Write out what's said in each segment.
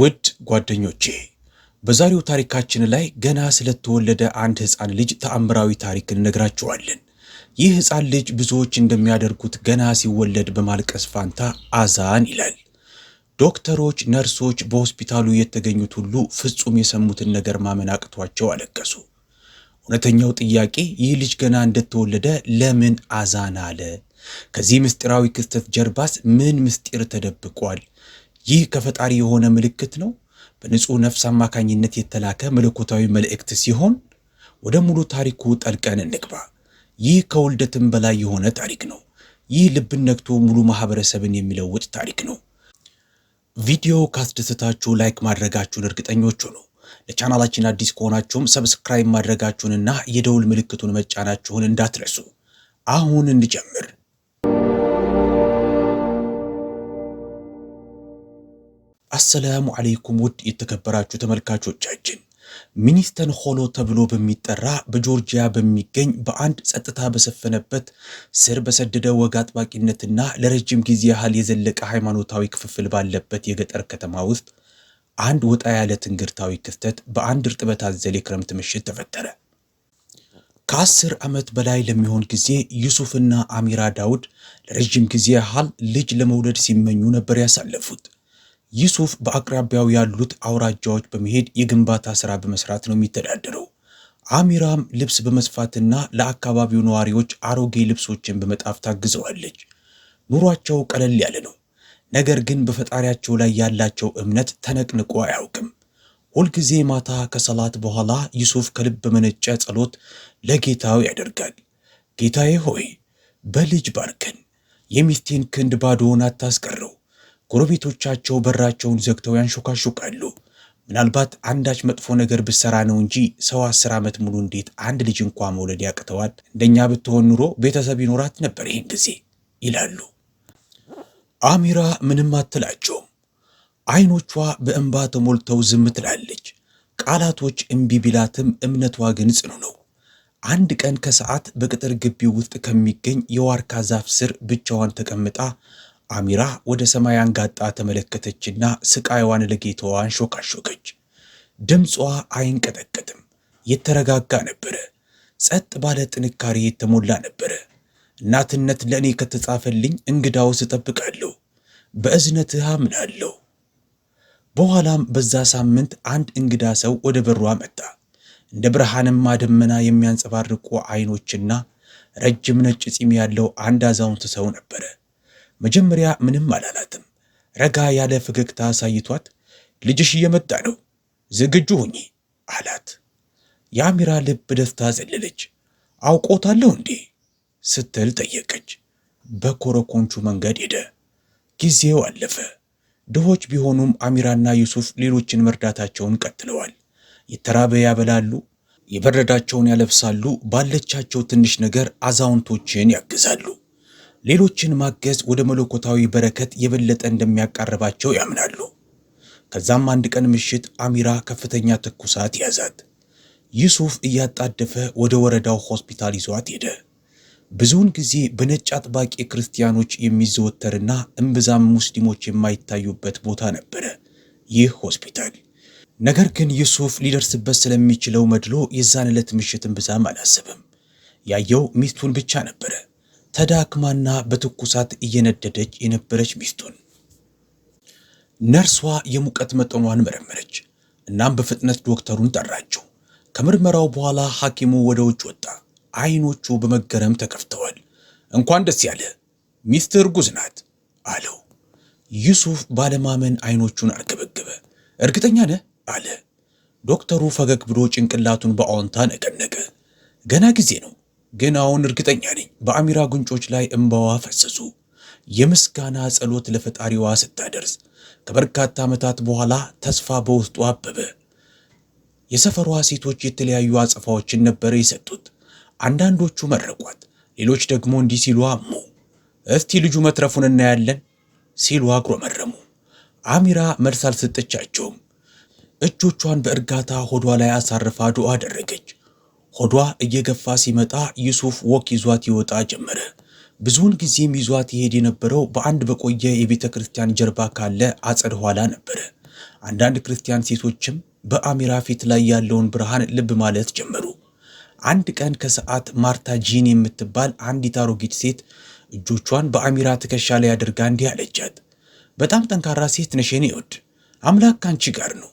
ውድ ጓደኞቼ በዛሬው ታሪካችን ላይ ገና ስለተወለደ አንድ ሕፃን ልጅ ተአምራዊ ታሪክ እንነግራችኋለን። ይህ ሕፃን ልጅ ብዙዎች እንደሚያደርጉት ገና ሲወለድ በማልቀስ ፋንታ አዛን ይላል። ዶክተሮች፣ ነርሶች፣ በሆስፒታሉ የተገኙት ሁሉ ፍጹም የሰሙትን ነገር ማመን አቅቷቸው አለቀሱ። እውነተኛው ጥያቄ ይህ ልጅ ገና እንደተወለደ ለምን አዛን አለ? ከዚህ ምስጢራዊ ክስተት ጀርባስ ምን ምስጢር ተደብቋል? ይህ ከፈጣሪ የሆነ ምልክት ነው። በንጹህ ነፍስ አማካኝነት የተላከ መለኮታዊ መልእክት ሲሆን ወደ ሙሉ ታሪኩ ጠልቀን እንግባ። ይህ ከውልደትም በላይ የሆነ ታሪክ ነው። ይህ ልብን ነክቶ ሙሉ ማህበረሰብን የሚለውጥ ታሪክ ነው። ቪዲዮ ካስደሰታችሁ ላይክ ማድረጋችሁን እርግጠኞች ሁኑ። ለቻናላችን አዲስ ከሆናችሁም ሰብስክራይብ ማድረጋችሁንና የደውል ምልክቱን መጫናችሁን እንዳትረሱ። አሁን እንጀምር። አሰላሙ አለይኩም ውድ የተከበራችሁ ተመልካቾቻችን ሚኒስተን ሆሎ ተብሎ በሚጠራ በጆርጂያ በሚገኝ በአንድ ጸጥታ በሰፈነበት ስር በሰደደ ወግ አጥባቂነትና ለረጅም ጊዜ ያህል የዘለቀ ሃይማኖታዊ ክፍፍል ባለበት የገጠር ከተማ ውስጥ አንድ ወጣ ያለ ትንግርታዊ ክስተት በአንድ እርጥበት አዘል የክረምት ምሽት ተፈጠረ። ከአስር ዓመት በላይ ለሚሆን ጊዜ ዩሱፍና አሚራ ዳውድ ለረጅም ጊዜ ያህል ልጅ ለመውለድ ሲመኙ ነበር ያሳለፉት። ዩሱፍ በአቅራቢያው ያሉት አውራጃዎች በመሄድ የግንባታ ሥራ በመስራት ነው የሚተዳደረው። አሚራም ልብስ በመስፋትና ለአካባቢው ነዋሪዎች አሮጌ ልብሶችን በመጣፍ ታግዘዋለች። ኑሯቸው ቀለል ያለ ነው። ነገር ግን በፈጣሪያቸው ላይ ያላቸው እምነት ተነቅንቆ አያውቅም። ሁልጊዜ ማታ ከሰላት በኋላ ዩሱፍ ከልብ በመነጨ ጸሎት ለጌታው ያደርጋል። ጌታዬ ሆይ በልጅ ባርከን፣ የሚስቴን ክንድ ባዶውን አታስቀረው ጎረቤቶቻቸው በራቸውን ዘግተው ያንሾካሾቃሉ። ምናልባት አንዳች መጥፎ ነገር ብሰራ ነው እንጂ ሰው አስር ዓመት ሙሉ እንዴት አንድ ልጅ እንኳ መውለድ ያቅተዋል? እንደኛ ብትሆን ኑሮ ቤተሰብ ይኖራት ነበር ይህን ጊዜ ይላሉ። አሚራ ምንም አትላቸውም። አይኖቿ በእንባ ተሞልተው ዝም ትላለች። ቃላቶች እምቢ ቢላትም እምነቷ ግን ጽኑ ነው። አንድ ቀን ከሰዓት በቅጥር ግቢው ውስጥ ከሚገኝ የዋርካ ዛፍ ስር ብቻዋን ተቀምጣ አሚራ ወደ ሰማይ አንጋጣ ተመለከተችና ስቃይዋን ለጌታዋ አንሾካሾከች። ድምጿ አይንቀጠቀጥም፣ የተረጋጋ ነበረ። ጸጥ ባለ ጥንካሬ የተሞላ ነበረ። እናትነት ለእኔ ከተጻፈልኝ እንግዳውስ እጠብቃለሁ፣ በእዝነትህ አምናለሁ። በኋላም በዛ ሳምንት አንድ እንግዳ ሰው ወደ በሯ መጣ። እንደ ብርሃንማ ደመና የሚያንጸባርቁ አይኖችና ረጅም ነጭ ፂም ያለው አንድ አዛውንት ሰው ነበረ። መጀመሪያ ምንም አላላትም። ረጋ ያለ ፈገግታ አሳይቷት ልጅሽ እየመጣ ነው፣ ዝግጁ ሁኚ አላት። የአሚራ ልብ ደስታ ዘለለች። አውቆታለሁ እንዴ ስትል ጠየቀች። በኮረኮንቹ መንገድ ሄደ። ጊዜው አለፈ። ድሆች ቢሆኑም አሚራና ዩሱፍ ሌሎችን መርዳታቸውን ቀጥለዋል። የተራበ ያበላሉ፣ የበረዳቸውን ያለብሳሉ፣ ባለቻቸው ትንሽ ነገር አዛውንቶችን ያግዛሉ። ሌሎችን ማገዝ ወደ መለኮታዊ በረከት የበለጠ እንደሚያቃርባቸው ያምናሉ። ከዛም አንድ ቀን ምሽት አሚራ ከፍተኛ ትኩሳት ያዛት። ዩሱፍ እያጣደፈ ወደ ወረዳው ሆስፒታል ይዟት ሄደ። ብዙውን ጊዜ በነጭ አጥባቂ ክርስቲያኖች የሚዘወተርና እምብዛም ሙስሊሞች የማይታዩበት ቦታ ነበረ ይህ ሆስፒታል። ነገር ግን ዩሱፍ ሊደርስበት ስለሚችለው መድሎ የዛን ዕለት ምሽት እምብዛም አላሰበም። ያየው ሚስቱን ብቻ ነበረ። ተዳክማና በትኩሳት እየነደደች የነበረች ሚስቱን ነርሷ የሙቀት መጠኗን መረመረች። እናም በፍጥነት ዶክተሩን ጠራችው። ከምርመራው በኋላ ሐኪሙ ወደ ውጭ ወጣ። አይኖቹ በመገረም ተከፍተዋል። እንኳን ደስ ያለ ሚስትር እርጉዝ ናት አለው። ዩሱፍ ባለማመን አይኖቹን አርገበገበ። እርግጠኛ ነህ አለ ዶክተሩ ፈገግ ብሎ ጭንቅላቱን በአዎንታ ነቀነቀ። ገና ጊዜ ነው ግን አሁን እርግጠኛ ነኝ በአሚራ ጉንጮች ላይ እምባዋ ፈሰሱ። የምስጋና ጸሎት ለፈጣሪዋ ስታደርስ ከበርካታ ዓመታት በኋላ ተስፋ በውስጡ አበበ። የሰፈሯ ሴቶች የተለያዩ አጸፋዎችን ነበረ የሰጡት። አንዳንዶቹ መረቋት፣ ሌሎች ደግሞ እንዲህ ሲሉ አሙ እስቲ ልጁ መትረፉን እናያለን ሲሉ አጉረመረሙ። አሚራ መልስ አልሰጠቻቸውም። እጆቿን በእርጋታ ሆዷ ላይ አሳርፋ ዱዓ አደረገች። ሆዷ እየገፋ ሲመጣ ዩሱፍ ወክ ይዟት ይወጣ ጀመረ። ብዙውን ጊዜም ይዟት ይሄድ የነበረው በአንድ በቆየ የቤተ ክርስቲያን ጀርባ ካለ አጸድ ኋላ ነበረ። አንዳንድ ክርስቲያን ሴቶችም በአሚራ ፊት ላይ ያለውን ብርሃን ልብ ማለት ጀመሩ። አንድ ቀን ከሰዓት ማርታ ጂን የምትባል አንዲት አሮጊት ሴት እጆቿን በአሚራ ትከሻ ላይ አድርጋ እንዲህ አለቻት። በጣም ጠንካራ ሴት ነሽ የኔ አምላክ ካንቺ ጋር ነው።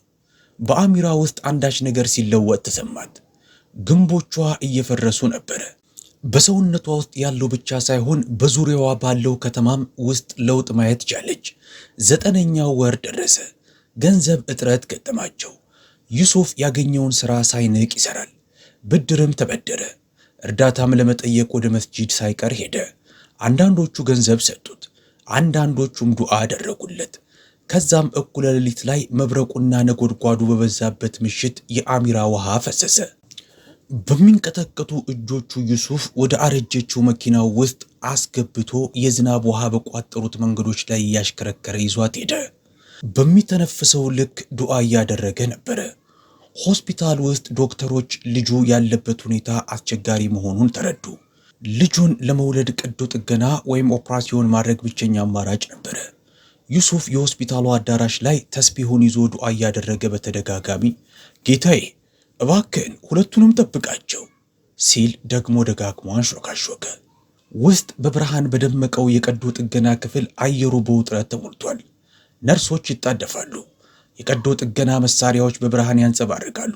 በአሚራ ውስጥ አንዳች ነገር ሲለወጥ ተሰማት። ግንቦቿ እየፈረሱ ነበረ። በሰውነቷ ውስጥ ያለው ብቻ ሳይሆን በዙሪያዋ ባለው ከተማም ውስጥ ለውጥ ማየት ቻለች። ዘጠነኛው ወር ደረሰ። ገንዘብ እጥረት ገጠማቸው። ዩሱፍ ያገኘውን ሥራ ሳይንቅ ይሠራል። ብድርም ተበደረ። እርዳታም ለመጠየቅ ወደ መስጂድ ሳይቀር ሄደ። አንዳንዶቹ ገንዘብ ሰጡት፣ አንዳንዶቹም ዱዓ አደረጉለት። ከዛም እኩለ ሌሊት ላይ መብረቁና ነጎድጓዱ በበዛበት ምሽት የአሚራ ውሃ ፈሰሰ። በሚንቀጠቀጡ እጆቹ ዩሱፍ ወደ አረጀችው መኪና ውስጥ አስገብቶ የዝናብ ውሃ በቋጠሩት መንገዶች ላይ እያሽከረከረ ይዟት ሄደ። በሚተነፍሰው ልክ ዱዓ እያደረገ ነበረ። ሆስፒታል ውስጥ ዶክተሮች ልጁ ያለበት ሁኔታ አስቸጋሪ መሆኑን ተረዱ። ልጁን ለመውለድ ቀዶ ጥገና ወይም ኦፕራሲዮን ማድረግ ብቸኛ አማራጭ ነበረ። ዩሱፍ የሆስፒታሉ አዳራሽ ላይ ተስቢሁን ይዞ ዱዓ እያደረገ በተደጋጋሚ ጌታዬ እባክህን ሁለቱንም ጠብቃቸው ሲል ደግሞ ደጋግሞ አንሾካሾከ። ውስጥ በብርሃን በደመቀው የቀዶ ጥገና ክፍል አየሩ በውጥረት ተሞልቷል። ነርሶች ይጣደፋሉ። የቀዶ ጥገና መሳሪያዎች በብርሃን ያንጸባርቃሉ።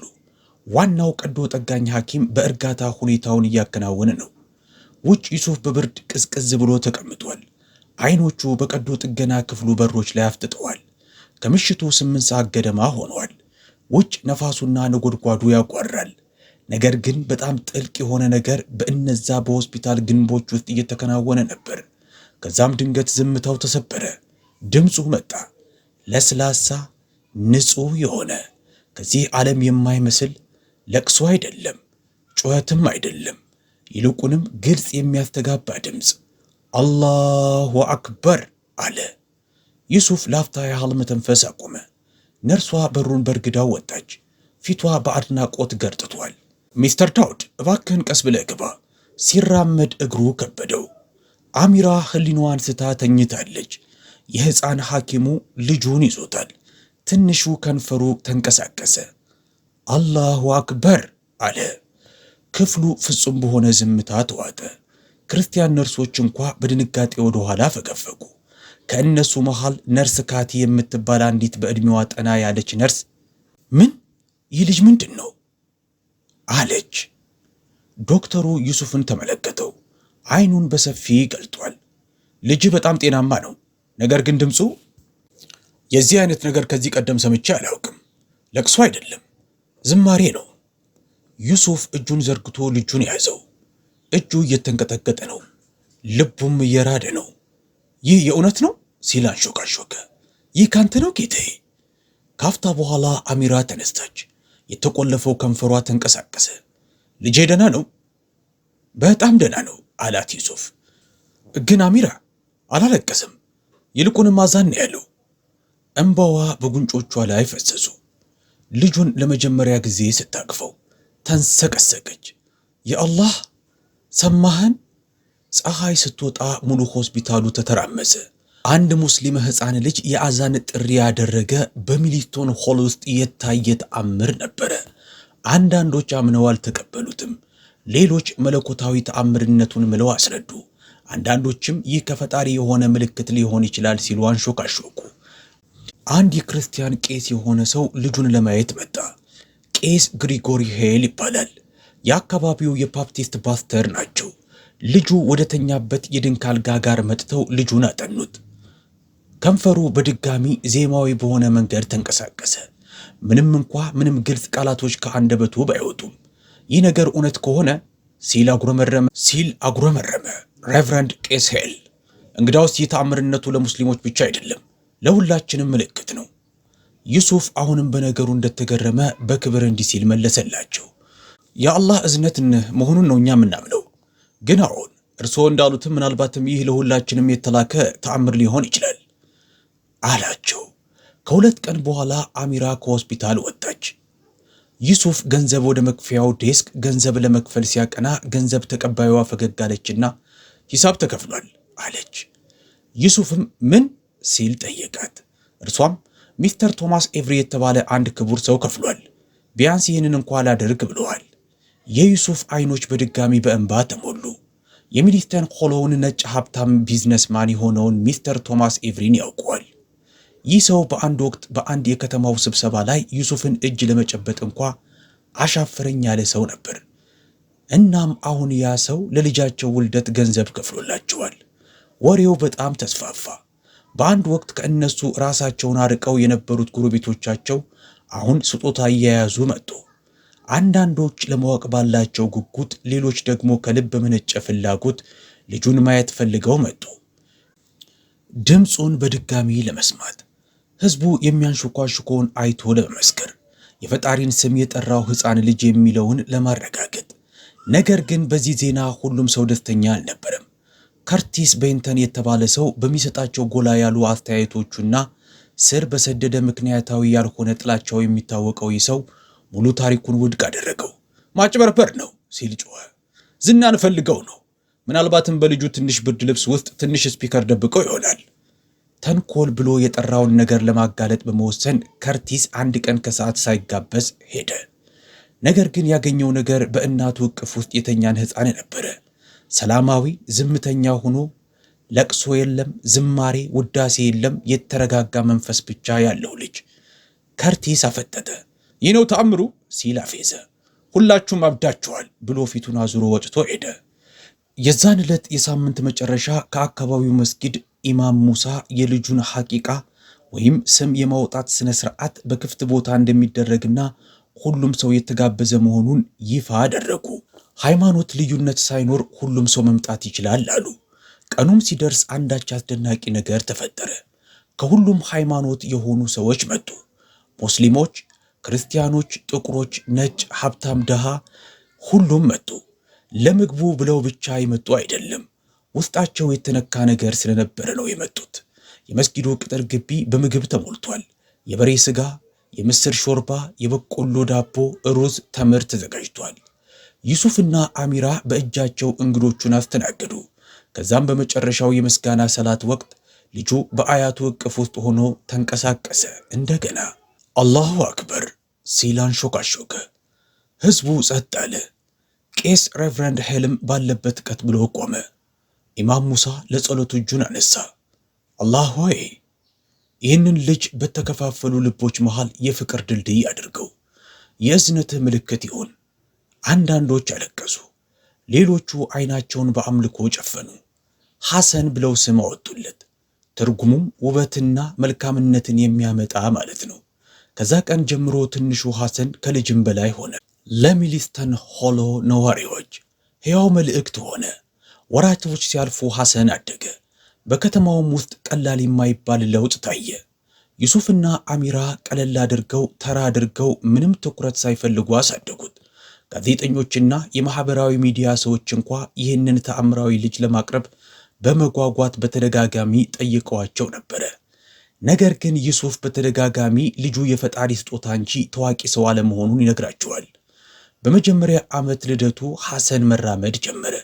ዋናው ቀዶ ጠጋኝ ሐኪም በእርጋታ ሁኔታውን እያከናወነ ነው። ውጭ ዩሱፍ በብርድ ቅዝቅዝ ብሎ ተቀምጧል። አይኖቹ በቀዶ ጥገና ክፍሉ በሮች ላይ አፍጥጠዋል። ከምሽቱ ስምንት ሰዓት ገደማ ሆኗል። ውጭ ነፋሱና ነጎድጓዱ ያጓራል። ነገር ግን በጣም ጥልቅ የሆነ ነገር በእነዛ በሆስፒታል ግንቦች ውስጥ እየተከናወነ ነበር። ከዛም ድንገት ዝምታው ተሰበረ። ድምፁ መጣ። ለስላሳ ንጹሕ የሆነ ከዚህ ዓለም የማይመስል ለቅሶ አይደለም፣ ጩኸትም አይደለም። ይልቁንም ግልጽ የሚያስተጋባ ድምፅ አላሁ አክበር አለ። ዩሱፍ ላፍታ ያህል መተንፈስ አቆመ። ነርሷ በሩን በርግዳው ወጣች። ፊቷ በአድናቆት ገርጥቷል። ሚስተር ዳውድ እባክህን ቀስ ብለህ ግባ። ሲራመድ እግሩ ከበደው። አሚራ ህሊናዋን ስታ ተኝታለች። የሕፃን ሐኪሙ ልጁን ይዞታል። ትንሹ ከንፈሩ ተንቀሳቀሰ። አላሁ አክበር አለ። ክፍሉ ፍጹም በሆነ ዝምታ ተዋጠ። ክርስቲያን ነርሶች እንኳ በድንጋጤ ወደ ኋላ ፈገፈጉ። ከእነሱ መሃል ነርስ ካቲ የምትባል አንዲት በዕድሜዋ ጠና ያለች ነርስ ምን ይህ ልጅ ምንድን ነው አለች። ዶክተሩ ዩሱፍን ተመለከተው። አይኑን በሰፊ ገልጧል። ልጅ በጣም ጤናማ ነው፣ ነገር ግን ድምፁ የዚህ አይነት ነገር ከዚህ ቀደም ሰምቼ አላውቅም። ለቅሶ አይደለም ዝማሬ ነው። ዩሱፍ እጁን ዘርግቶ ልጁን ያዘው። እጁ እየተንቀጠቀጠ ነው፣ ልቡም እየራደ ነው። ይህ የእውነት ነው ሲል አንሾካሾከ። ይህ ካንተ ነው ጌታዬ። ካፍታ በኋላ አሚራ ተነስታች። የተቆለፈው ከንፈሯ ተንቀሳቀሰ። ልጄ ደና ነው፣ በጣም ደና ነው አላት ዩሱፍ። ግን አሚራ አላለቀሰም፣ ይልቁንም አዛን ያለው። እምባዋ በጉንጮቿ ላይ ፈሰሱ። ልጁን ለመጀመሪያ ጊዜ ስታቅፈው ተንሰቀሰቀች። የአላህ ሰማህን ፀሐይ ስትወጣ ሙሉ ሆስፒታሉ ተተራመሰ። አንድ ሙስሊም ሕፃን ልጅ የአዛን ጥሪ ያደረገ በሚሊቶን ሆል ውስጥ የታየ ተአምር ነበረ። አንዳንዶች አምነው አልተቀበሉትም፣ ሌሎች መለኮታዊ ተአምርነቱን ምለው አስረዱ። አንዳንዶችም ይህ ከፈጣሪ የሆነ ምልክት ሊሆን ይችላል ሲሉ አንሾካሾኩ። አንድ የክርስቲያን ቄስ የሆነ ሰው ልጁን ለማየት መጣ። ቄስ ግሪጎሪ ሄል ይባላል። የአካባቢው የባፕቲስት ፓስተር ናቸው። ልጁ ወደ ተኛበት የድንክ አልጋ ጋር መጥተው ልጁን አጠኑት። ከንፈሩ በድጋሚ ዜማዊ በሆነ መንገድ ተንቀሳቀሰ። ምንም እንኳ ምንም ግልጽ ቃላቶች ከአንደበቱ ባይወጡም ይህ ነገር እውነት ከሆነ ሲል አጉረመረመ ሲል አጉረመረመ ሬቨረንድ ቄስ ሄል። እንግዳውስ የተአምርነቱ ለሙስሊሞች ብቻ አይደለም፣ ለሁላችንም ምልክት ነው። ዩሱፍ አሁንም በነገሩ እንደተገረመ በክብር እንዲህ ሲል መለሰላቸው። የአላህ እዝነትን መሆኑን ነው እኛ የምናምነው ግን አሁን እርስዎ እንዳሉትም ምናልባትም ይህ ለሁላችንም የተላከ ተአምር ሊሆን ይችላል አላቸው። ከሁለት ቀን በኋላ አሚራ ከሆስፒታል ወጣች። ዩሱፍ ገንዘብ ወደ መክፈያው ዴስክ ገንዘብ ለመክፈል ሲያቀና ገንዘብ ተቀባዩዋ ፈገግ አለችና ሂሳብ ተከፍሏል አለች። ዩሱፍም ምን ሲል ጠየቃት። እርሷም ሚስተር ቶማስ ኤቭሪ የተባለ አንድ ክቡር ሰው ከፍሏል፣ ቢያንስ ይህንን እንኳ ላደርግ ብለዋል የዩሱፍ አይኖች በድጋሚ በእንባ ተሞሉ። የሚዲስተን ሆሎውን ነጭ ሀብታም ቢዝነስማን የሆነውን ሚስተር ቶማስ ኤቭሪን ያውቋል። ይህ ሰው በአንድ ወቅት በአንድ የከተማው ስብሰባ ላይ ዩሱፍን እጅ ለመጨበጥ እንኳ አሻፈረኝ ያለ ሰው ነበር። እናም አሁን ያ ሰው ለልጃቸው ውልደት ገንዘብ ከፍሎላቸዋል። ወሬው በጣም ተስፋፋ። በአንድ ወቅት ከእነሱ ራሳቸውን አርቀው የነበሩት ጎረቤቶቻቸው አሁን ስጦታ እየያዙ መጡ። አንዳንዶች ለማወቅ ባላቸው ጉጉት፣ ሌሎች ደግሞ ከልብ በመነጨ ፍላጎት ልጁን ማየት ፈልገው መጡ፣ ድምፁን በድጋሚ ለመስማት። ሕዝቡ የሚያንሾኳሾከውን አይቶ ለመመስከር፣ የፈጣሪን ስም የጠራው ሕፃን ልጅ የሚለውን ለማረጋገጥ። ነገር ግን በዚህ ዜና ሁሉም ሰው ደስተኛ አልነበረም። ከርቲስ ቤንተን የተባለ ሰው በሚሰጣቸው ጎላ ያሉ አስተያየቶቹና ስር በሰደደ ምክንያታዊ ያልሆነ ጥላቻው የሚታወቀው ይህ ሰው ሙሉ ታሪኩን ውድቅ አደረገው። ማጭበርበር ነው ሲል ጮኸ። ዝናን ፈልገው ነው። ምናልባትም በልጁ ትንሽ ብርድ ልብስ ውስጥ ትንሽ ስፒከር ደብቀው ይሆናል። ተንኮል ብሎ የጠራውን ነገር ለማጋለጥ በመወሰን ከርቲስ አንድ ቀን ከሰዓት ሳይጋበዝ ሄደ። ነገር ግን ያገኘው ነገር በእናቱ እቅፍ ውስጥ የተኛን ሕፃን ነበረ። ሰላማዊ፣ ዝምተኛ ሆኖ ለቅሶ የለም፣ ዝማሬ፣ ውዳሴ የለም፣ የተረጋጋ መንፈስ ብቻ ያለው ልጅ። ከርቲስ አፈጠጠ። ይህ ነው ተአምሩ ሲል አፌዘ። ሁላችሁም አብዳችኋል ብሎ ፊቱን አዙሮ ወጥቶ ሄደ። የዛን ዕለት የሳምንት መጨረሻ ከአካባቢው መስጊድ ኢማም ሙሳ የልጁን ሐቂቃ ወይም ስም የማውጣት ሥነ ሥርዓት በክፍት ቦታ እንደሚደረግና ሁሉም ሰው የተጋበዘ መሆኑን ይፋ አደረጉ። ሃይማኖት ልዩነት ሳይኖር ሁሉም ሰው መምጣት ይችላል አሉ። ቀኑም ሲደርስ አንዳች አስደናቂ ነገር ተፈጠረ። ከሁሉም ሃይማኖት የሆኑ ሰዎች መጡ። ሙስሊሞች፣ ክርስቲያኖች፣ ጥቁሮች፣ ነጭ፣ ሀብታም፣ ድሃ ሁሉም መጡ። ለምግቡ ብለው ብቻ የመጡ አይደለም። ውስጣቸው የተነካ ነገር ስለነበረ ነው የመጡት። የመስጊዱ ቅጥር ግቢ በምግብ ተሞልቷል። የበሬ ስጋ፣ የምስር ሾርባ፣ የበቆሎ ዳቦ፣ ሩዝ፣ ተምር ተዘጋጅቷል። ዩሱፍና አሚራ በእጃቸው እንግዶቹን አስተናገዱ። ከዛም በመጨረሻው የምስጋና ሰላት ወቅት ልጁ በአያቱ እቅፍ ውስጥ ሆኖ ተንቀሳቀሰ። እንደገና አላሁ አክበር ሲል አንሾካሾከ። ሕዝቡ ጸጥ አለ። ቄስ ሬቨረንድ ሄልም ባለበት ቀጥ ብሎ ቆመ። ኢማም ሙሳ ለጸሎቱ እጁን አነሳ። አላህ ሆይ ይህንን ልጅ በተከፋፈሉ ልቦች መሃል የፍቅር ድልድይ አድርገው፣ የእዝነትህ ምልክት ይሁን። አንዳንዶች አለቀሱ፣ ሌሎቹ አይናቸውን በአምልኮ ጨፈኑ። ሐሰን ብለው ስም አወጡለት። ትርጉሙም ውበትና መልካምነትን የሚያመጣ ማለት ነው። ከዛ ቀን ጀምሮ ትንሹ ሐሰን ከልጅም በላይ ሆነ። ለሚሊስተን ሆሎ ነዋሪዎች ሕያው መልእክት ሆነ። ወራቶች ሲያልፉ ሐሰን አደገ። በከተማውም ውስጥ ቀላል የማይባል ለውጥ ታየ። ዩሱፍና አሚራ ቀለል አድርገው ተራ አድርገው ምንም ትኩረት ሳይፈልጉ አሳደጉት። ጋዜጠኞችና የማኅበራዊ ሚዲያ ሰዎች እንኳ ይህንን ተአምራዊ ልጅ ለማቅረብ በመጓጓት በተደጋጋሚ ጠይቀዋቸው ነበረ። ነገር ግን ዩሱፍ በተደጋጋሚ ልጁ የፈጣሪ ስጦታ እንጂ ታዋቂ ሰው አለመሆኑን ይነግራቸዋል። በመጀመሪያ ዓመት ልደቱ ሐሰን መራመድ ጀመረ።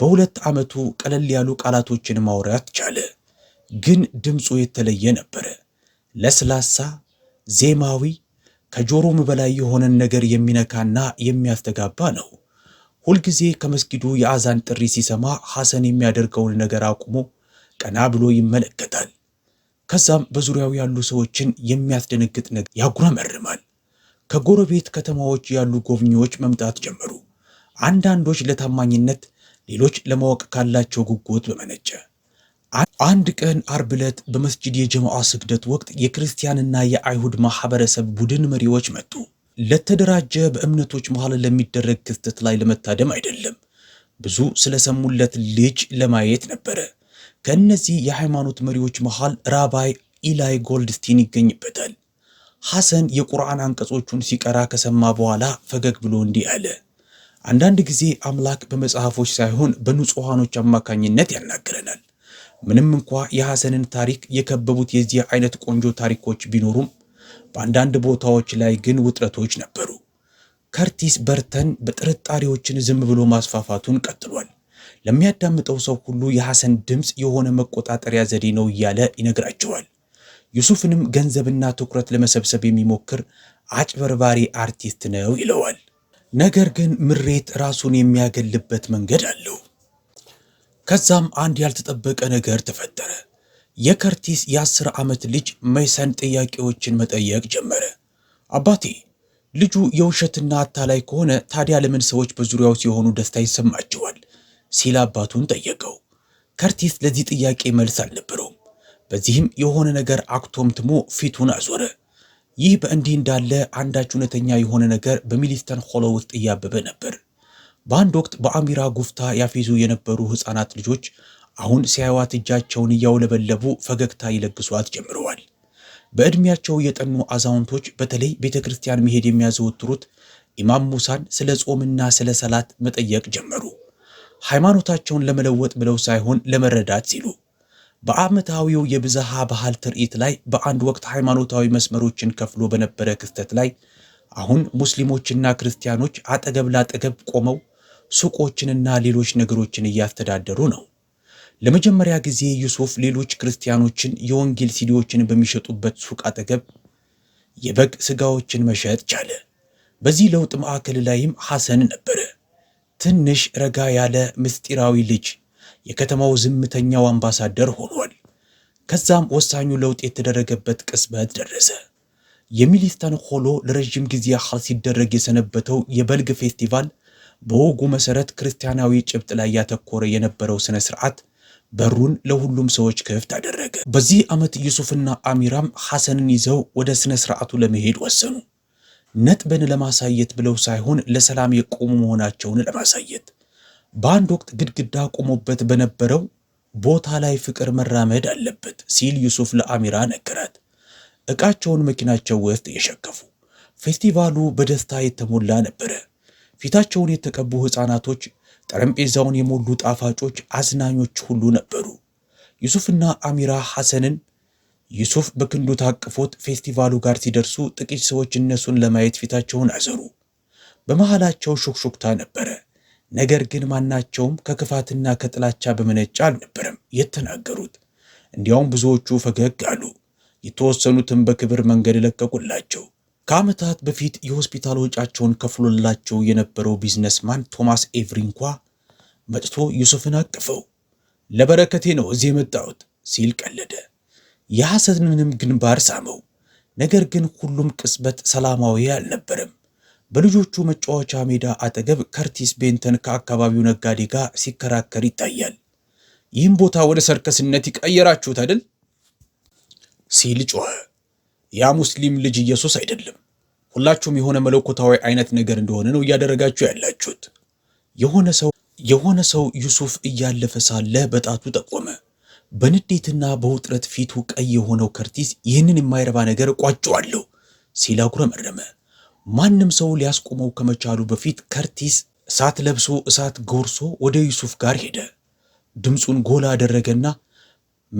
በሁለት ዓመቱ ቀለል ያሉ ቃላቶችን ማውራት ቻለ። ግን ድምፁ የተለየ ነበረ። ለስላሳ፣ ዜማዊ፣ ከጆሮም በላይ የሆነን ነገር የሚነካና የሚያስተጋባ ነው። ሁልጊዜ ከመስጊዱ የአዛን ጥሪ ሲሰማ ሐሰን የሚያደርገውን ነገር አቁሞ ቀና ብሎ ይመለከታል። ከዛም በዙሪያው ያሉ ሰዎችን የሚያስደነግጥ ነገር ያጉረመርማል። ከጎረቤት ከተማዎች ያሉ ጎብኚዎች መምጣት ጀመሩ። አንዳንዶች ለታማኝነት፣ ሌሎች ለማወቅ ካላቸው ጉጉት በመነጨ አንድ ቀን አርብ ዕለት በመስጂድ የጀማዓ ስግደት ወቅት የክርስቲያንና የአይሁድ ማህበረሰብ ቡድን መሪዎች መጡ። ለተደራጀ በእምነቶች መሃል ለሚደረግ ክስተት ላይ ለመታደም አይደለም፣ ብዙ ስለሰሙለት ልጅ ለማየት ነበረ። ከእነዚህ የሃይማኖት መሪዎች መሃል ራባይ ኢላይ ጎልድስቲን ይገኝበታል። ሐሰን የቁርአን አንቀጾቹን ሲቀራ ከሰማ በኋላ ፈገግ ብሎ እንዲህ አለ። አንዳንድ ጊዜ አምላክ በመጽሐፎች ሳይሆን በንጹሐኖች አማካኝነት ያናግረናል። ምንም እንኳ የሐሰንን ታሪክ የከበቡት የዚህ አይነት ቆንጆ ታሪኮች ቢኖሩም በአንዳንድ ቦታዎች ላይ ግን ውጥረቶች ነበሩ። ከርቲስ በርተን በጥርጣሬዎችን ዝም ብሎ ማስፋፋቱን ቀጥሏል። ለሚያዳምጠው ሰው ሁሉ የሐሰን ድምፅ የሆነ መቆጣጠሪያ ዘዴ ነው እያለ ይነግራቸዋል። ዩሱፍንም ገንዘብና ትኩረት ለመሰብሰብ የሚሞክር አጭበርባሪ አርቲስት ነው ይለዋል። ነገር ግን ምሬት ራሱን የሚያገልበት መንገድ አለው። ከዛም አንድ ያልተጠበቀ ነገር ተፈጠረ። የከርቲስ የአስር ዓመት ልጅ መይሰን ጥያቄዎችን መጠየቅ ጀመረ። አባቴ ልጁ የውሸትና አታላይ ከሆነ ታዲያ ለምን ሰዎች በዙሪያው ሲሆኑ ደስታ ይሰማቸዋል? ሲል አባቱን ጠየቀው። ከርቲስ ለዚህ ጥያቄ መልስ አልነበረውም። በዚህም የሆነ ነገር ትሞ ፊቱን አዞረ። ይህ በእንዲህ እንዳለ አንዳች እውነተኛ የሆነ ነገር በሚሊስተን ሆሎ ውስጥ እያበበ ነበር። በአንድ ወቅት በአሚራ ጉፍታ ያፌዙ የነበሩ ሕፃናት ልጆች አሁን ሲያዩዋት እጃቸውን እያውለበለቡ ፈገግታ ይለግሷት ጀምረዋል። በዕድሜያቸው የጠኑ አዛውንቶች በተለይ ቤተ ክርስቲያን መሄድ የሚያዘወትሩት ኢማም ሙሳን ስለ ጾምና ስለ ሰላት መጠየቅ ጀመሩ። ሃይማኖታቸውን ለመለወጥ ብለው ሳይሆን ለመረዳት ሲሉ በዓመታዊው የብዝሃ ባህል ትርኢት ላይ በአንድ ወቅት ሃይማኖታዊ መስመሮችን ከፍሎ በነበረ ክስተት ላይ አሁን ሙስሊሞችና ክርስቲያኖች አጠገብ ላጠገብ ቆመው ሱቆችንና ሌሎች ነገሮችን እያስተዳደሩ ነው። ለመጀመሪያ ጊዜ ዩሱፍ ሌሎች ክርስቲያኖችን የወንጌል ሲዲዎችን በሚሸጡበት ሱቅ አጠገብ የበግ ስጋዎችን መሸጥ ቻለ። በዚህ ለውጥ ማዕከል ላይም ሐሰን ነበረ። ትንሽ ረጋ ያለ ምስጢራዊ ልጅ የከተማው ዝምተኛው አምባሳደር ሆኗል። ከዛም ወሳኙ ለውጥ የተደረገበት ቅጽበት ደረሰ። የሚሊስተን ሆሎ ለረዥም ጊዜ ያህል ሲደረግ የሰነበተው የበልግ ፌስቲቫል በወጉ መሰረት ክርስቲያናዊ ጭብጥ ላይ ያተኮረ የነበረው ስነ ስርዓት በሩን ለሁሉም ሰዎች ክፍት አደረገ። በዚህ ዓመት ዩሱፍና አሚራም ሐሰንን ይዘው ወደ ስነ ስርዓቱ ለመሄድ ወሰኑ። ነጥብን ለማሳየት ብለው ሳይሆን ለሰላም የቆሙ መሆናቸውን ለማሳየት በአንድ ወቅት ግድግዳ ቆሞበት በነበረው ቦታ ላይ ፍቅር መራመድ አለበት ሲል ዩሱፍ ለአሚራ ነገራት። ዕቃቸውን መኪናቸው ውስጥ የሸከፉ ፌስቲቫሉ በደስታ የተሞላ ነበረ። ፊታቸውን የተቀቡ ሕፃናቶች፣ ጠረጴዛውን የሞሉ ጣፋጮች፣ አዝናኞች ሁሉ ነበሩ። ዩሱፍና አሚራ ሐሰንን ዩሱፍ በክንዱ ታቅፎት ፌስቲቫሉ ጋር ሲደርሱ ጥቂት ሰዎች እነሱን ለማየት ፊታቸውን አዘሩ። በመሃላቸው ሹክሹክታ ነበረ። ነገር ግን ማናቸውም ከክፋትና ከጥላቻ በመነጫ አልነበረም የተናገሩት። እንዲያውም ብዙዎቹ ፈገግ አሉ፣ የተወሰኑትም በክብር መንገድ ለቀቁላቸው። ከዓመታት በፊት የሆስፒታል ወጫቸውን ከፍሎላቸው የነበረው ቢዝነስማን ቶማስ ኤቭሪ እንኳ መጥቶ ዩሱፍን አቅፈው ለበረከቴ ነው እዚህ የመጣሁት ሲል ቀለደ። የሐሰንንም ግንባር ሳመው። ነገር ግን ሁሉም ቅጽበት ሰላማዊ አልነበረም። በልጆቹ መጫወቻ ሜዳ አጠገብ ከርቲስ ቤንተን ከአካባቢው ነጋዴ ጋር ሲከራከር ይታያል። ይህም ቦታ ወደ ሰርከስነት ይቀየራችሁት አይደል? ሲል ጮኸ። ያ ሙስሊም ልጅ ኢየሱስ አይደለም። ሁላችሁም የሆነ መለኮታዊ አይነት ነገር እንደሆነ ነው እያደረጋችሁ ያላችሁት። የሆነ ሰው የሆነ ሰው ዩሱፍ እያለፈ ሳለ በጣቱ ጠቆመ። በንዴትና በውጥረት ፊቱ ቀይ የሆነው ከርቲስ ይህንን የማይረባ ነገር ቋጨዋለሁ ሲል አጉረመረመ። ማንም ሰው ሊያስቆመው ከመቻሉ በፊት ከርቲስ እሳት ለብሶ እሳት ጎርሶ ወደ ዩሱፍ ጋር ሄደ። ድምፁን ጎላ አደረገና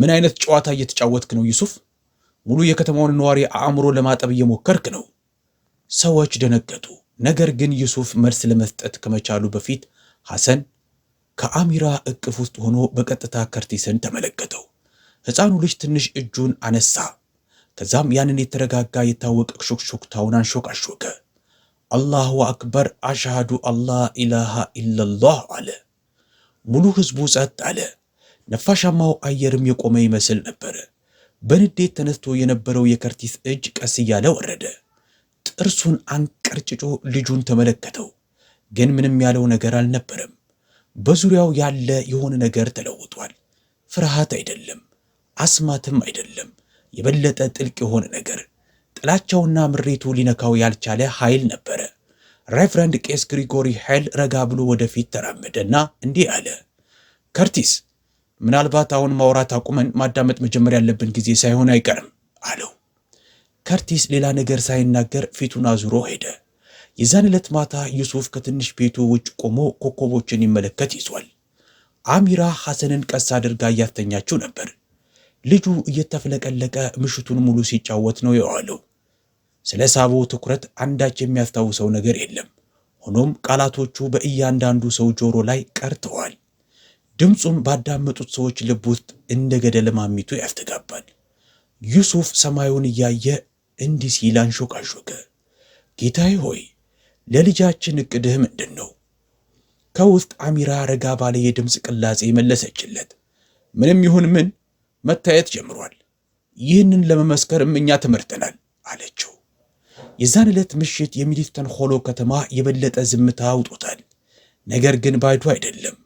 ምን አይነት ጨዋታ እየተጫወትክ ነው ዩሱፍ? ሙሉ የከተማውን ነዋሪ አእምሮ ለማጠብ እየሞከርክ ነው። ሰዎች ደነገጡ። ነገር ግን ዩሱፍ መልስ ለመስጠት ከመቻሉ በፊት ሐሰን ከአሚራ እቅፍ ውስጥ ሆኖ በቀጥታ ከርቲስን ተመለከተው። ሕፃኑ ልጅ ትንሽ እጁን አነሳ። ከዛም ያንን የተረጋጋ የታወቀ ሾክሾክታውን አንሾቃሾቀ። አላሁ አክበር፣ አሽሃዱ አላ ኢላሃ ኢለላህ አለ። ሙሉ ሕዝቡ ጸጥ አለ። ነፋሻማው አየርም የቆመ ይመስል ነበር። በንዴት ተነስቶ የነበረው የከርቲስ እጅ ቀስ እያለ ወረደ። ጥርሱን አንቀርጭጮ ልጁን ተመለከተው፣ ግን ምንም ያለው ነገር አልነበረም። በዙሪያው ያለ የሆነ ነገር ተለውጧል። ፍርሃት አይደለም፣ አስማትም አይደለም። የበለጠ ጥልቅ የሆነ ነገር ጥላቻውና ምሬቱ ሊነካው ያልቻለ ኃይል ነበረ። ሬቨረንድ ቄስ ግሪጎሪ ሄል ረጋ ብሎ ወደፊት ተራመደና እንዲህ አለ። ከርቲስ፣ ምናልባት አሁን ማውራት አቁመን ማዳመጥ መጀመር ያለብን ጊዜ ሳይሆን አይቀርም አለው። ከርቲስ ሌላ ነገር ሳይናገር ፊቱን አዙሮ ሄደ። የዛን ዕለት ማታ ዩሱፍ ከትንሽ ቤቱ ውጭ ቆሞ ኮከቦችን ይመለከት ይዟል። አሚራ ሐሰንን ቀስ አድርጋ እያተኛችው ነበር። ልጁ እየተፍለቀለቀ ምሽቱን ሙሉ ሲጫወት ነው የዋለው። ስለ ሳቦ ትኩረት አንዳች የሚያስታውሰው ነገር የለም። ሆኖም ቃላቶቹ በእያንዳንዱ ሰው ጆሮ ላይ ቀርተዋል። ድምፁም ባዳመጡት ሰዎች ልብ ውስጥ እንደ ገደል ማሚቱ ያስተጋባል። ዩሱፍ ሰማዩን እያየ እንዲህ ሲል አንሾቃሾቀ፣ ጌታዬ ሆይ ለልጃችን እቅድህ ምንድን ነው? ከውስጥ አሚራ ረጋ ባለ የድምፅ ቅላጼ መለሰችለት። ምንም ይሁን ምን መታየት ጀምሯል። ይህንን ለመመስከርም እኛ ተመርጠናል አለችው። የዛን ዕለት ምሽት የሚሊፍተን ሆሎ ከተማ የበለጠ ዝምታ አውጦታል። ነገር ግን ባይዶ አይደለም።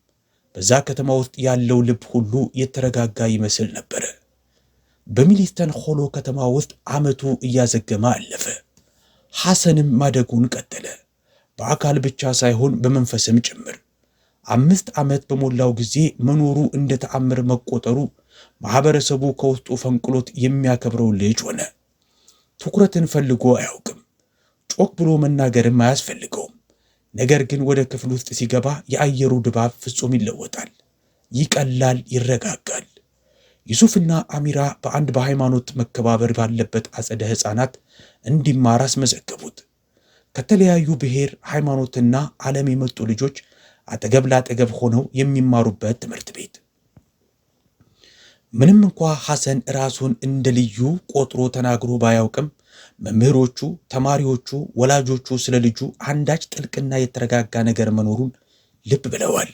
በዛ ከተማ ውስጥ ያለው ልብ ሁሉ የተረጋጋ ይመስል ነበረ። በሚሊፍተን ሆሎ ከተማ ውስጥ ዓመቱ እያዘገመ አለፈ። ሐሰንም ማደጉን ቀጠለ። በአካል ብቻ ሳይሆን በመንፈስም ጭምር። አምስት ዓመት በሞላው ጊዜ መኖሩ እንደ ተአምር መቆጠሩ ማኅበረሰቡ ከውስጡ ፈንቅሎት የሚያከብረው ልጅ ሆነ። ትኩረትን ፈልጎ አያውቅም። ጮክ ብሎ መናገርም አያስፈልገውም። ነገር ግን ወደ ክፍል ውስጥ ሲገባ የአየሩ ድባብ ፍጹም ይለወጣል፣ ይቀላል፣ ይረጋጋል። ዩሱፍና አሚራ በአንድ በሃይማኖት መከባበር ባለበት አጸደ ሕፃናት እንዲማር አስመዘገቡት። ከተለያዩ ብሔር፣ ሃይማኖትና ዓለም የመጡ ልጆች አጠገብ ላጠገብ ሆነው የሚማሩበት ትምህርት ቤት። ምንም እንኳ ሐሰን ራሱን እንደ ልዩ ቆጥሮ ተናግሮ ባያውቅም መምህሮቹ፣ ተማሪዎቹ፣ ወላጆቹ ስለ ልጁ አንዳች ጥልቅና የተረጋጋ ነገር መኖሩን ልብ ብለዋል።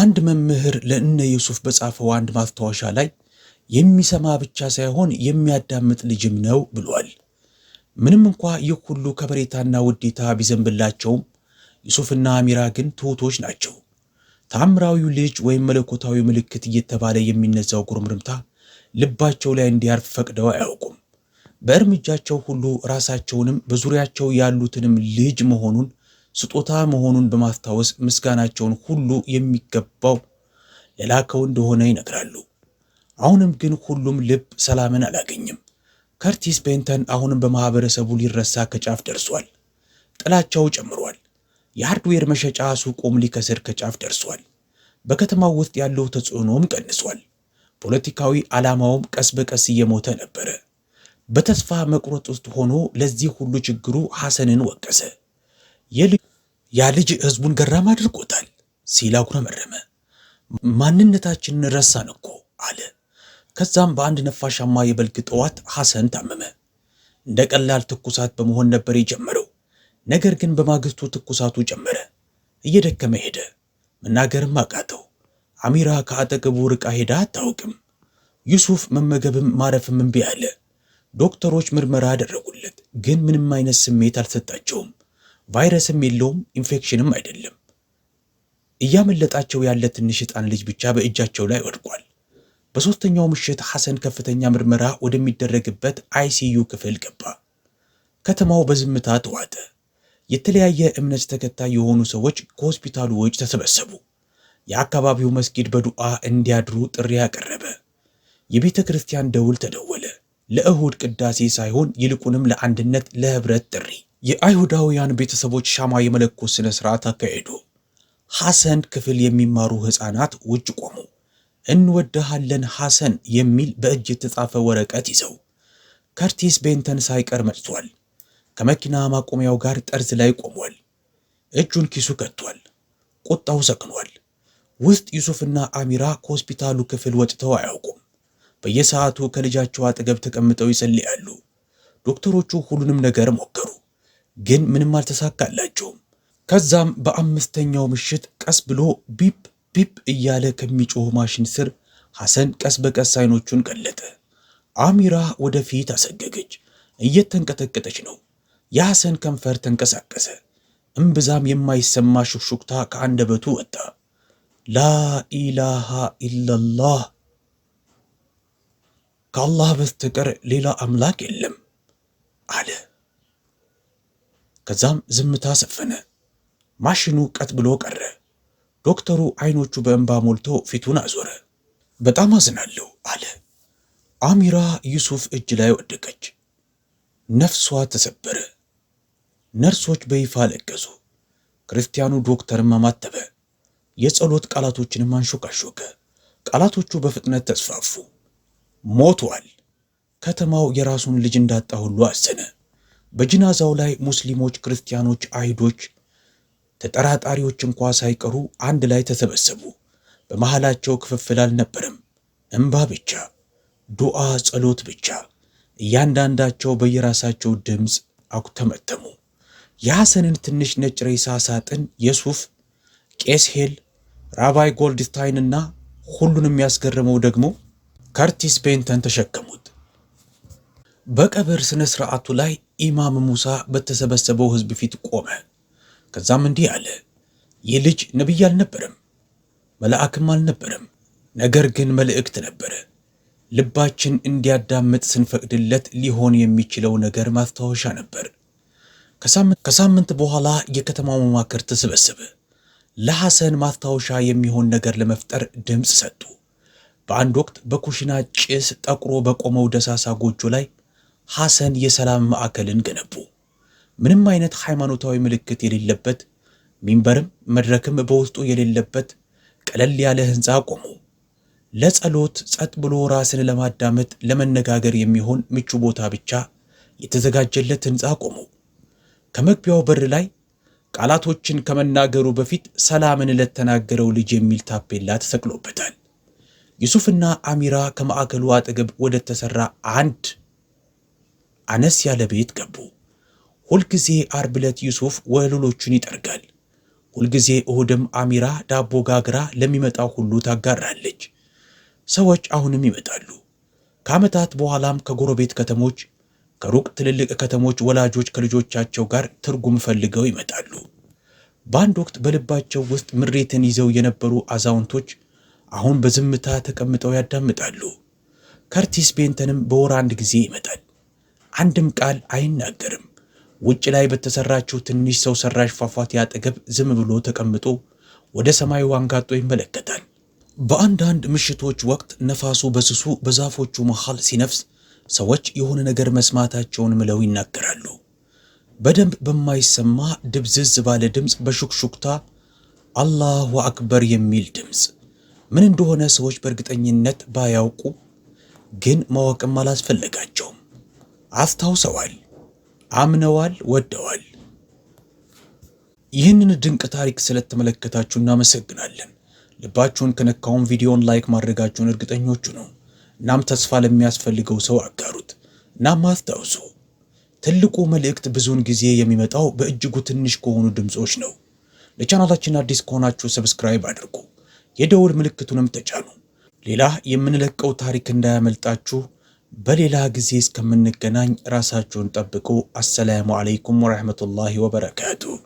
አንድ መምህር ለእነ ዩሱፍ በጻፈው አንድ ማስታወሻ ላይ የሚሰማ ብቻ ሳይሆን የሚያዳምጥ ልጅም ነው ብሏል። ምንም እንኳ ይህ ሁሉ ከበሬታና ውዴታ ቢዘንብላቸውም ዩሱፍና አሚራ ግን ትሑቶች ናቸው። ታምራዊው ልጅ ወይም መለኮታዊ ምልክት እየተባለ የሚነዛው ጉርምርምታ ልባቸው ላይ እንዲያርፍ ፈቅደው አያውቁም። በእርምጃቸው ሁሉ ራሳቸውንም በዙሪያቸው ያሉትንም ልጅ መሆኑን ስጦታ መሆኑን በማስታወስ ምስጋናቸውን ሁሉ የሚገባው ለላከው እንደሆነ ይነግራሉ። አሁንም ግን ሁሉም ልብ ሰላምን አላገኝም። ከርቲስ ፔንተን አሁንም በማህበረሰቡ ሊረሳ ከጫፍ ደርሷል። ጥላቻው ጨምሯል። የሃርድዌር መሸጫ ሱቁም ሊከስር ከጫፍ ደርሷል። በከተማው ውስጥ ያለው ተጽዕኖም ቀንሷል። ፖለቲካዊ ዓላማውም ቀስ በቀስ እየሞተ ነበረ። በተስፋ መቁረጥ ውስጥ ሆኖ ለዚህ ሁሉ ችግሩ ሐሰንን ወቀሰ። ያ ልጅ ሕዝቡን ገራም አድርጎታል ሲል አጉረመረመ። ማንነታችንን ረሳን እኮ አለ። ከዛም በአንድ ነፋሻማ የበልግ ጠዋት ሐሰን ታመመ። እንደ ቀላል ትኩሳት በመሆን ነበር የጀመረው። ነገር ግን በማግስቱ ትኩሳቱ ጨመረ፣ እየደከመ ሄደ። መናገርም አቃተው። አሚራ ከአጠገቡ ርቃ ሄዳ አታውቅም። ዩሱፍ መመገብም ማረፍም እምቢ አለ። ዶክተሮች ምርመራ አደረጉለት፣ ግን ምንም አይነት ስሜት አልሰጣቸውም። ቫይረስም የለውም፣ ኢንፌክሽንም አይደለም። እያመለጣቸው ያለ ትንሽ ሕፃን ልጅ ብቻ በእጃቸው ላይ ወድቋል። በሦስተኛው ምሽት ሐሰን ከፍተኛ ምርመራ ወደሚደረግበት አይሲዩ ክፍል ገባ። ከተማው በዝምታ ተዋጠ። የተለያየ እምነት ተከታይ የሆኑ ሰዎች ከሆስፒታሉ ውጭ ተሰበሰቡ። የአካባቢው መስጊድ በዱዓ እንዲያድሩ ጥሪ ያቀረበ። የቤተ ክርስቲያን ደውል ተደወለ። ለእሁድ ቅዳሴ ሳይሆን ይልቁንም ለአንድነት፣ ለህብረት ጥሪ። የአይሁዳውያን ቤተሰቦች ሻማ የመለኮስ ሥነ ሥርዓት አካሄዱ። ሐሰን ክፍል የሚማሩ ሕፃናት ውጭ ቆሙ። እንወድሃለን ሐሰን የሚል በእጅ የተጻፈ ወረቀት ይዘው ከርቲስ ቤንተን ሳይቀር መጥቷል። ከመኪና ማቆሚያው ጋር ጠርዝ ላይ ቆሟል። እጁን ኪሱ ከቷል። ቁጣው ሰክኗል። ውስጥ ዩሱፍና አሚራ ከሆስፒታሉ ክፍል ወጥተው አያውቁም። በየሰዓቱ ከልጃቸው አጠገብ ተቀምጠው ይጸልያሉ። ዶክተሮቹ ሁሉንም ነገር ሞከሩ፣ ግን ምንም አልተሳካላቸውም። ከዛም በአምስተኛው ምሽት ቀስ ብሎ ቢፕ ቢፕ እያለ ከሚጮህ ማሽን ስር ሐሰን ቀስ በቀስ አይኖቹን ገለጠ። አሚራ ወደፊት አሰገገች። እየተንቀጠቀጠች ነው። የሐሰን ከንፈር ተንቀሳቀሰ። እምብዛም የማይሰማ ሹክሹክታ ከአንደበቱ ወጣ። ላኢላሃ ኢላላህ፣ ከአላህ በስተቀር ሌላ አምላክ የለም አለ። ከዛም ዝምታ ሰፈነ። ማሽኑ ቀጥ ብሎ ቀረ። ዶክተሩ አይኖቹ በእንባ ሞልቶ ፊቱን አዞረ። በጣም አዝናለሁ አለ። አሚራ ዩሱፍ እጅ ላይ ወደቀች። ነፍሷ ተሰበረ። ነርሶች በይፋ ለቀሱ። ክርስቲያኑ ዶክተርም አማተበ። የጸሎት ቃላቶችንም አንሾካሾከ። ቃላቶቹ በፍጥነት ተስፋፉ። ሞቷል። ከተማው የራሱን ልጅ እንዳጣ ሁሉ አዘነ። በጅናዛው ላይ ሙስሊሞች፣ ክርስቲያኖች፣ አይሁዶች ተጠራጣሪዎች እንኳ ሳይቀሩ አንድ ላይ ተሰበሰቡ። በመሃላቸው ክፍፍል አልነበረም። እንባ ብቻ፣ ዱዓ፣ ጸሎት ብቻ። እያንዳንዳቸው በየራሳቸው ድምፅ አኩተመተሙ። የሐሰንን ትንሽ ነጭ ሬሳ ሳጥን የሱፍ ቄስ ሄል፣ ራባይ ጎልድስታይን እና ሁሉንም የሚያስገርመው ደግሞ ከርቲስ ቤንተን ተሸከሙት። በቀብር ሥነ ሥርዓቱ ላይ ኢማም ሙሳ በተሰበሰበው ሕዝብ ፊት ቆመ። ከዛም እንዲህ አለ፣ ይህ ልጅ ነቢይ አልነበረም፣ መልአክም አልነበረም፣ ነገር ግን መልእክት ነበረ። ልባችን እንዲያዳምጥ ስንፈቅድለት ሊሆን የሚችለው ነገር ማስታወሻ ነበር። ከሳምንት በኋላ የከተማው መማክር ተሰበሰበ። ለሐሰን ማስታወሻ የሚሆን ነገር ለመፍጠር ድምፅ ሰጡ። በአንድ ወቅት በኩሽና ጭስ ጠቁሮ በቆመው ደሳሳ ጎጆ ላይ ሐሰን የሰላም ማዕከልን ገነቡ። ምንም አይነት ሃይማኖታዊ ምልክት የሌለበት ሚንበርም መድረክም በውስጡ የሌለበት ቀለል ያለ ህንፃ ቆሙ። ለጸሎት ጸጥ ብሎ ራስን ለማዳመጥ ለመነጋገር የሚሆን ምቹ ቦታ ብቻ የተዘጋጀለት ህንፃ ቆሙ። ከመግቢያው በር ላይ ቃላቶችን ከመናገሩ በፊት ሰላምን ለተናገረው ልጅ የሚል ታፔላ ተሰቅሎበታል። ዩሱፍና አሚራ ከማዕከሉ አጠገብ ወደ አንድ አነስ ያለ ቤት ገቡ። ሁልጊዜ አርብ ዕለት ዩሱፍ ወህሉሎቹን ይጠርጋል። ሁልጊዜ እሁድም አሚራ ዳቦ ጋግራ ለሚመጣው ሁሉ ታጋራለች። ሰዎች አሁንም ይመጣሉ። ከዓመታት በኋላም ከጎረቤት ከተሞች፣ ከሩቅ ትልልቅ ከተሞች ወላጆች ከልጆቻቸው ጋር ትርጉም ፈልገው ይመጣሉ። በአንድ ወቅት በልባቸው ውስጥ ምሬትን ይዘው የነበሩ አዛውንቶች አሁን በዝምታ ተቀምጠው ያዳምጣሉ። ከርቲስ ቤንተንም በወር አንድ ጊዜ ይመጣል። አንድም ቃል አይናገርም። ውጭ ላይ በተሰራችው ትንሽ ሰው ሰራሽ ፏፏቴ አጠገብ ዝም ብሎ ተቀምጦ ወደ ሰማዩ አንጋጦ ይመለከታል። በአንዳንድ ምሽቶች ወቅት ነፋሱ በስሱ በዛፎቹ መሃል ሲነፍስ ሰዎች የሆነ ነገር መስማታቸውን ምለው ይናገራሉ። በደንብ በማይሰማ ድብዝዝ ባለ ድምፅ በሹክሹክታ አላሁ አክበር የሚል ድምፅ። ምን እንደሆነ ሰዎች በእርግጠኝነት ባያውቁ ግን ማወቅም አላስፈለጋቸውም፣ አስታውሰዋል። አምነዋል፣ ወደዋል። ይህንን ድንቅ ታሪክ ስለተመለከታችሁ እናመሰግናለን። ልባችሁን ከነካውን ቪዲዮን ላይክ ማድረጋችሁን እርግጠኞቹ ነው። እናም ተስፋ ለሚያስፈልገው ሰው አጋሩት። እናም አስታውሱ ትልቁ መልእክት ብዙውን ጊዜ የሚመጣው በእጅጉ ትንሽ ከሆኑ ድምፆች ነው። ለቻናላችን አዲስ ከሆናችሁ ሰብስክራይብ አድርጉ፣ የደውል ምልክቱንም ተጫኑ። ሌላ የምንለቀው ታሪክ እንዳያመልጣችሁ በሌላ ጊዜ እስከምንገናኝ ራሳችሁን ጠብቁ። አሰላሙ አለይኩም ወረህመቱላሂ ወበረካቱሁ።